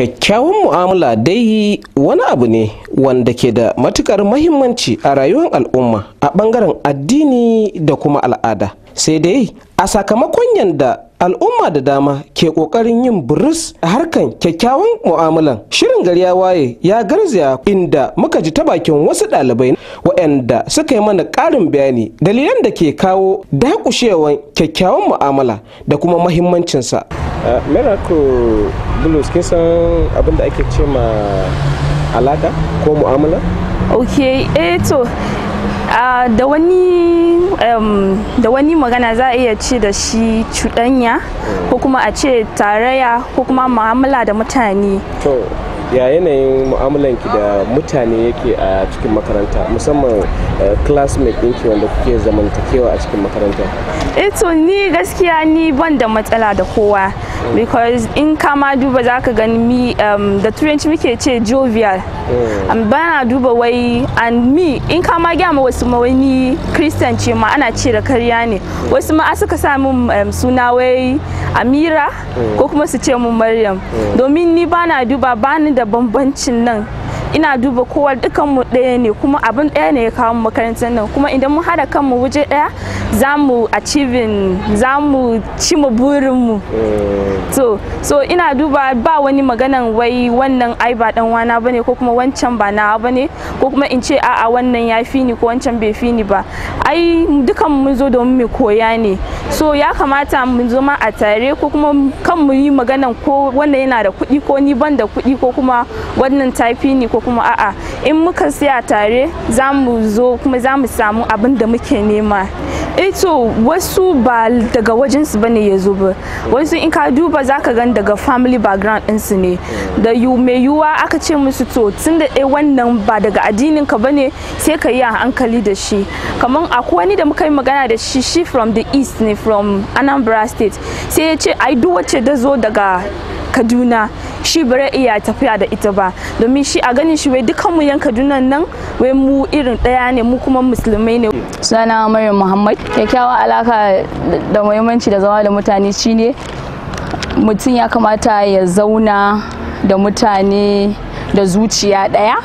kyakkyawan mu'amala dai wani abu ne wanda ke da matukar mahimmanci a rayuwar al'umma a bangaren addini da kuma al'ada sai dai a sakamakon yadda. al'umma da dama ke ƙoƙarin yin burus a harkan kyakkyawan mu'amalan shirin gari ya waye ya garzaya inda muka ji ta bakin wasu ɗalibai waɗanda suka yi mana ƙarin bayani dalilan da ke kawo dakushewan kyakkyawan mu'amala da kuma mahimmancinsa eh, miracle blues kin san abin da ake ce ma alaka ko mu'amala ok eh to Ah, da wani magana za a iya ce da shi cuɗanya ko kuma a ce tarayya ko kuma mu'amala da mutane to ya yanayin mu'amalanki da mutane yake a cikin makaranta musamman eh, classmate ɗinki wanda kuke zamantakewa a cikin makaranta eh to ni gaskiya ni ban da matsala da kowa because in kama duba za ka gani mi um, da turanci muke ce jovial mm. bana duba wai and me in kama gya wasu ma wani christian ce ma ana ce da karya ne mm. wasu ma suka sa min um, suna wai amira mm. ko kuma su ce mun maryam domin ni bana duba bani da bambancin nan ina duba kowa dukan mu ɗaya ne kuma abin ɗaya ne ya kawo makarantar nan kuma idan mun hada kanmu waje ɗaya za mu achieving za mu ci mu burin mu eh. so so ina duba ba wani maganan wai wannan ai ba dan wana bane ko kuma wancan ba na bane ko kuma in ce a'a wannan ya fi ni ko wancan bai fi ni ba ai dukan mun zo domin mu koya ne so ya kamata mu ma a tare ko kuma kan mu yi maganan ko wannan yana da kuɗi ko ni ban da kuɗi ko kuma wannan tafi ni ko kuma a'a in muka siya tare za mu zo kuma za mu samu abin da muke nema ito eh wasu ba daga wajensu ba ne ya zo ba wasu in ka duba za ka gan daga family background ɗinsu ne da mai yiwuwa aka ce musu to tun da ɗai wannan ba daga addinin ka bane sai ka yi a hankali da shi kamar akwai wani da muka yi magana da shi shi from the east ne from anambra state sai ya ce ai duk da zo daga kaduna shi bare iya tafiya da ita ba domin shi a ganin shi wai dukan mu yan kaduna nan wai mu irin daya ne mu kuma musulmai ne sunana maryam muhammad kyakkyawa alaka da muhimmanci da zama da mutane shine mutum ya kamata ya zauna da mutane da zuciya daya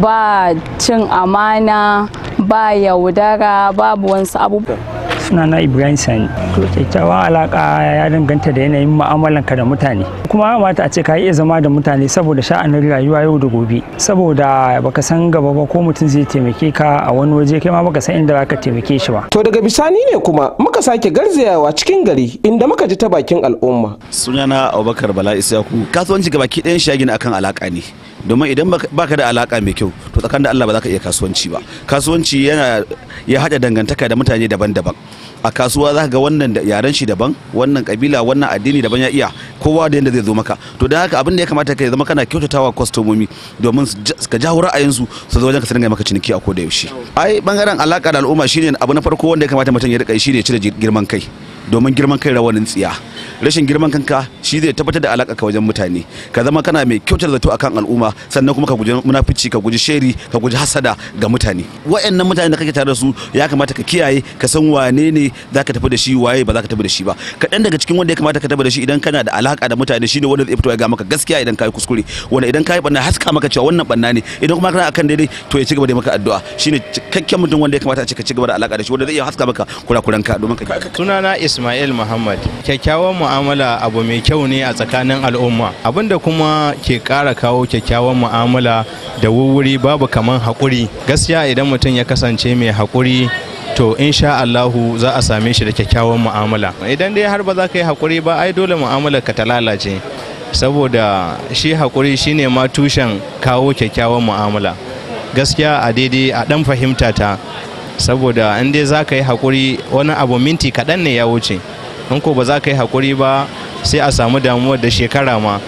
ba cin amana ba yaudara babu wasu abubuwa sunana ibrahim sani to kyakkyawan alaka ya danganta da yanayin ka da mutane kuma ya kamata a ce ka yi iya zama da mutane saboda sha'anin rayuwa yau da gobe saboda baka san gaba ba ko mutum zai taimake ka a wani waje kai ma baka san inda ka taimake shi ba to daga bisani ne kuma sake garzayawa cikin gari inda muka ji ta bakin al'umma sunana abubakar bala isyaku kasuwanci ga baki ɗayan shagin akan alaka ne domin idan baka da alaka mai kyau to tsakanin da allah ba za ka iya kasuwanci ba kasuwanci yana ya haɗa dangantaka da mutane daban-daban a kasuwa za ga wannan da yaren shi daban wannan kabila wannan addini daban ya iya kowa da yadda zai zo maka to da haka abin da ya kamata ka zama kana kyautatawa kwastomomi domin ka jawo ra'ayin su zo wajen ka sanin maka ciniki a da yaushe ai bangaren alaka da al'umma shine abu na farko wanda ya kamata mutum ya rika shi ne cire girman kai domin girman kai rawanin tsiya rashin girman kanka shi zai tabbatar da alaka ka wajen mutane ka zama kana mai kyautar zato akan al'umma sannan kuma ka guji munafici ka guji sheri ka guji hasada ga mutane wayannan mutane da kake tare da su ya kamata ka kiyaye ka san wane ne zaka tafi da shi waye ba zaka tafi da shi ba kaɗan daga cikin wanda ya kamata ka tafi da shi idan kana da alaka da mutane shine wanda zai fito ya ga maka gaskiya idan kai kuskure wanda idan kai banna haska maka cewa wannan banna ne idan kuma kana akan daidai to ya cigaba da maka addu'a shine cikakken mutum wanda ya kamata ka cigaba da alaka da shi wanda zai iya haska maka kurakuranka domin ka sunana Ismail Muhammad. Kyakkyawan mu'amala abu mai kyau ne a tsakanin al'umma. Abinda kuma ke kara kawo kyakkyawan mu'amala da wuri babu kaman hakuri Gaskiya idan mutum ya kasance mai hakuri to insha Allahu za a same shi da kyakkyawan mu'amala. Idan dai har ba za ka yi hakuri ba ai dole mu'amala ka ta lalace. Saboda shi haƙuri shine ma tushen kawo kyakkyawan mu'amala. Gaskiya a daidai a ɗan fahimta ta saboda in dai za ka yi haƙuri wani abu minti kaɗan ne ya wuce in ko ba za ka yi haƙuri ba sai a samu damuwar da shekara ma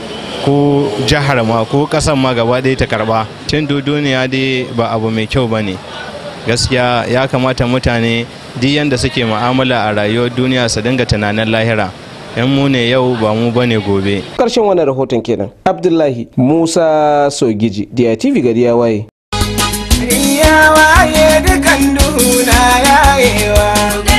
ko jihar ma ko ƙasan ma gaba ɗaya ta karɓa cin duniya dai ba abu mai kyau ba ne gaskiya ya kamata mutane duk yadda suke mu'amala a rayuwar duniya su dinga tunanin lahira yan mu ne yau ba mu bane gobe ƙarshen wannan rahoton kenan abdullahi musa sogiji diya tv gari ya waye waye dukan duhuna yayewa